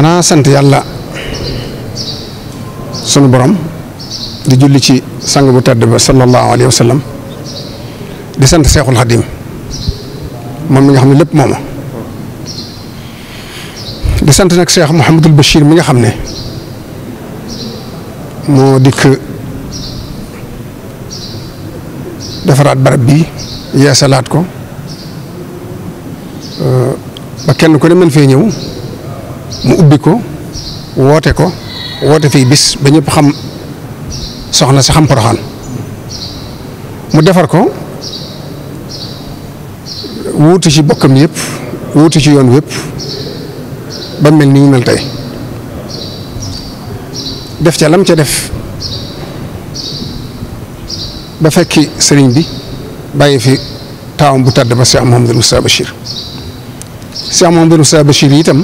xanaa sant yàlla sunu borom di julli ci sang bu tedd ba sallallahu alayhi wa di sant seexul xadim moom mu nga xam ne lépp mooma di sant nag seex Mouhamadul Bachir mi nga xam ne moo dikk defaraat barab bi yeesalaat ko ba kenn ku ne mën fee ñëw. mu ubbi ko woote ko woote fii bis ba ñépp xam soxna si xam poroxaan mu defar ko wuutu ci bokkam yépp wuuti ci yoon wépp ba mel ni mu mel tey def ca lam ca def ba fekki sëriñ bi bàyyi fi taawam bu tàdd ba Cheikh Mouhamadou Moustapha Bachir Cheikh Mouhamadou Moustapha Bachir itam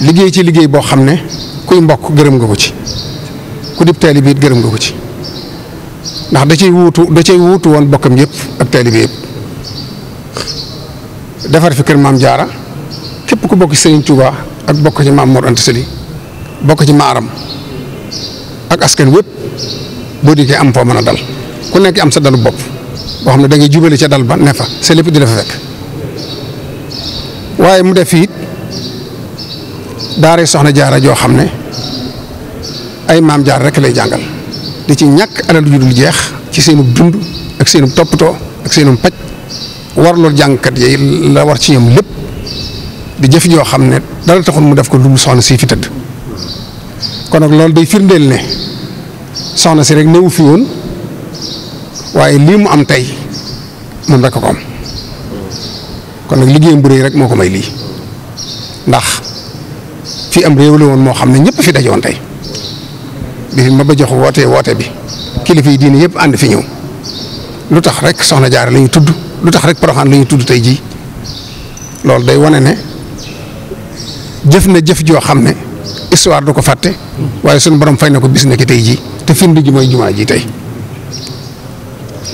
liggéey ci liggéey boo xam ne kuy mbokk gërëm nga ko ci ku dib taalibe it gërëm nga ko ci ndax da ciy wuutu da cay wuutu woon bokkam yëpp ak taalibe yëpp defar fi kër maam jaara képp ku bokk Serigne Touba ak bokk ci maam Mor Anta bokk ci maaram ak askan wépp boo dikkee am foo mën a dal ku nekk am sa dalu bopp boo xam ne da jubale ca dal ba ne fa sa lépp di la fekk waaye mu def fii daara soxna jaara joo xam ne ay maam jaar rek lay jàngal di ci ñàkk alal ju dul jeex ci seenub dund ak seenub toppatoo ak seenum paj war loolu jàngkat yi la war ci ñoom lépp di jëf joo xam ne dara taxul mu def ko lu mu soxna si fi tëdd kon nag loolu day firndeel ne soxna si rek newu fi woon waaye lii mu am tey moom rek ko am kon nag liggéeyam bu rëy rek moo ko may lii ndax fii am réew woon moo xam ne ñëpp fi dajoon tey bi ma ba jox wootee woote bi kilifa yi diine yëpp ànd fi ñëw lu tax rek soxna jaar la ñu tudd lu tax rek poroxaan la ñu tudd tey jii loolu day wane ne jëf na jëf joo xam ne histoire du ko fàtte waaye suñu borom fay na ko bis tey jii te firnde ji mooy jumaa jii tey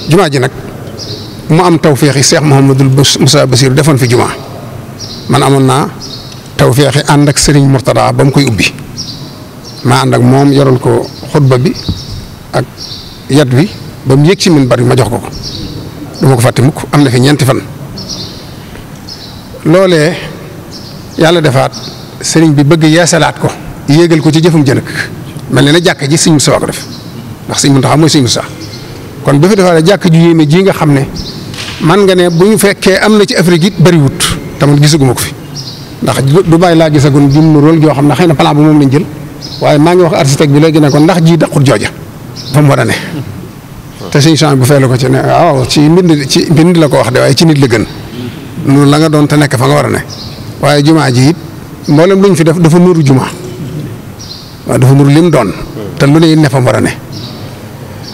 jumaa ji nag mu am tawféexi Cheikh Mouhamadul Moussa Bassirou defoon fi jumaa man amoon naa taw tawféex ànd ak sëriñ Mourtada ba mu koy ubbi maa ànd ak moom yoroon ko xutba bi ak yat bi ba mu yëg ci minbar bi ma jox ko ko du ko fàtte mukk am na fi ñeenti fan. loole yàlla defaat Serigne bi bëgg yeesalaat ko yéegal ko ci jëfum jënëk mel ne na jàkk ji Serigne Moustapha ko def ndax Serigne Mountakha mooy Serigne Moustapha kon bu fi defaatee jàkk ju yéeme ji nga xam ne man nga ne bu ñu fekkee am na ci Afrique it bëriwut te man gisaguma ko fi. ndax Dubaay laa gisagun jum nu rôle joo xam ne xëy na plan bu moom lañ jël waaye maa ngi wax architecte bi léegi ne ko ndax ji daqut jooja fa mu war a ne. te suñu change bu la ko ci ne waaw ci mbind ci mbind la ko wax de waaye ci nit la nga doon te nekk fa nga war a ne waaye jumaa ji it mboolem luñ def dafa nuru jumaa dafa nuru lim doon. te lu ne ne fa war a ne.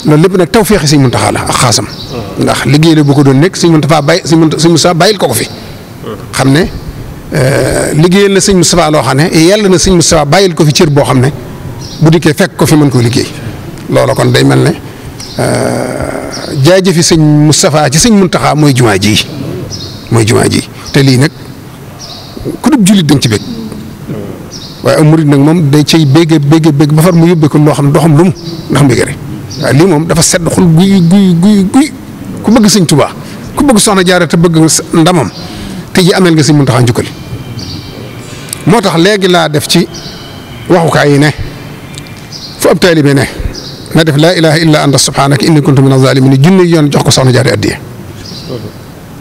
loolu lépp nag taw féexi Sëñ Muntaxa la ak ndax liggéey la bu ko doon nekk Sëñ Muntaxa bàyyi Sëñ Muntaxa bàyyil ko ko fi. xam ne. Euh, liggéeyal na sëñ Moustapha loo xam ne yàlla na sëñ Moustapha bàyyil ko fi cër boo xam ne bu dikkee fekk ko fi mën koo liggéey loolo kon day mel ne euh, jaajëfi sëñ Moustapha ci sëñ Muntaxa mooy jumaa ji mooy jumaa ji te lii nag ku dub jullit dañ ci bég waaye am murid nag moom day cay bégg bégg bégg ba far mu yóbbee ko loo xam ne doxam lu mu ndax mbégere waaw lii moom dafa sedd xul guy guy guy guy ku bëgg sëñ tubaa ku bëgg soxna jaara te bëgg ndamam te ji amel nga sëñ Muntaxa njukkal moo tax léegi laa def ci waxukaay yi ne fu ab taalibe ne na def laa ilaha illa anta subhanaka inni kuntu min azalimin junne yoon jox ko soxna jaari addiya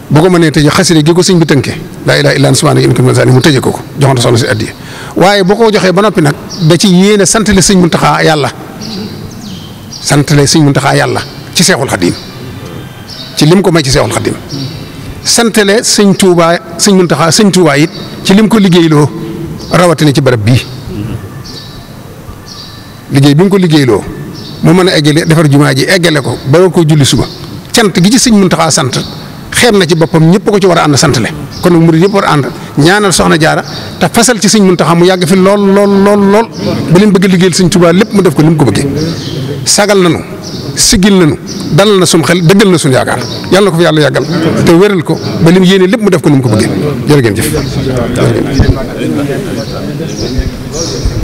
bu ko mënee tëjee xasida gi ko sëñ bi tënkee laa ilaha illa anta subhanaka inni kuntu min azalimin mu tëjee ko ko joxoon soxna si addiya waaye boo ko joxee ba noppi nag da ci yéene sant le mun Muntaxa yàlla sant le sëñ Muntaxa yàlla ci seexul xadim ci lim ko may ci santale sëñ tuubaa sëñ Muntaxa sëñ Touba it ci lim ko liggéeyloo rawatina ci barab bii liggéey bi mu ko liggéeyloo mu mën a eggale defar jumaa ji eggale ko ba ko julli suba cant gi ci sëñ Muntaxa sant xeeb na ci boppam ñëpp ko ci war a ànd santale kon nag murid yëpp war a ànd ñaanal soxna jaara te fasal ci sëñ Muntaxa mu yàgg fi lool lool lool lool ba lim bëgg liggéeyal sëñ Touba lépp mu def ko ni mu ko bëggee. sagal na nanu siggil nanu dalal na sunu xel dëggal na sunu yaakaar yàlla na ko fi yàlla yàggal te wéral ko ba lim yéene lépp mu def ko ni mu ko bëggee jërë ngeen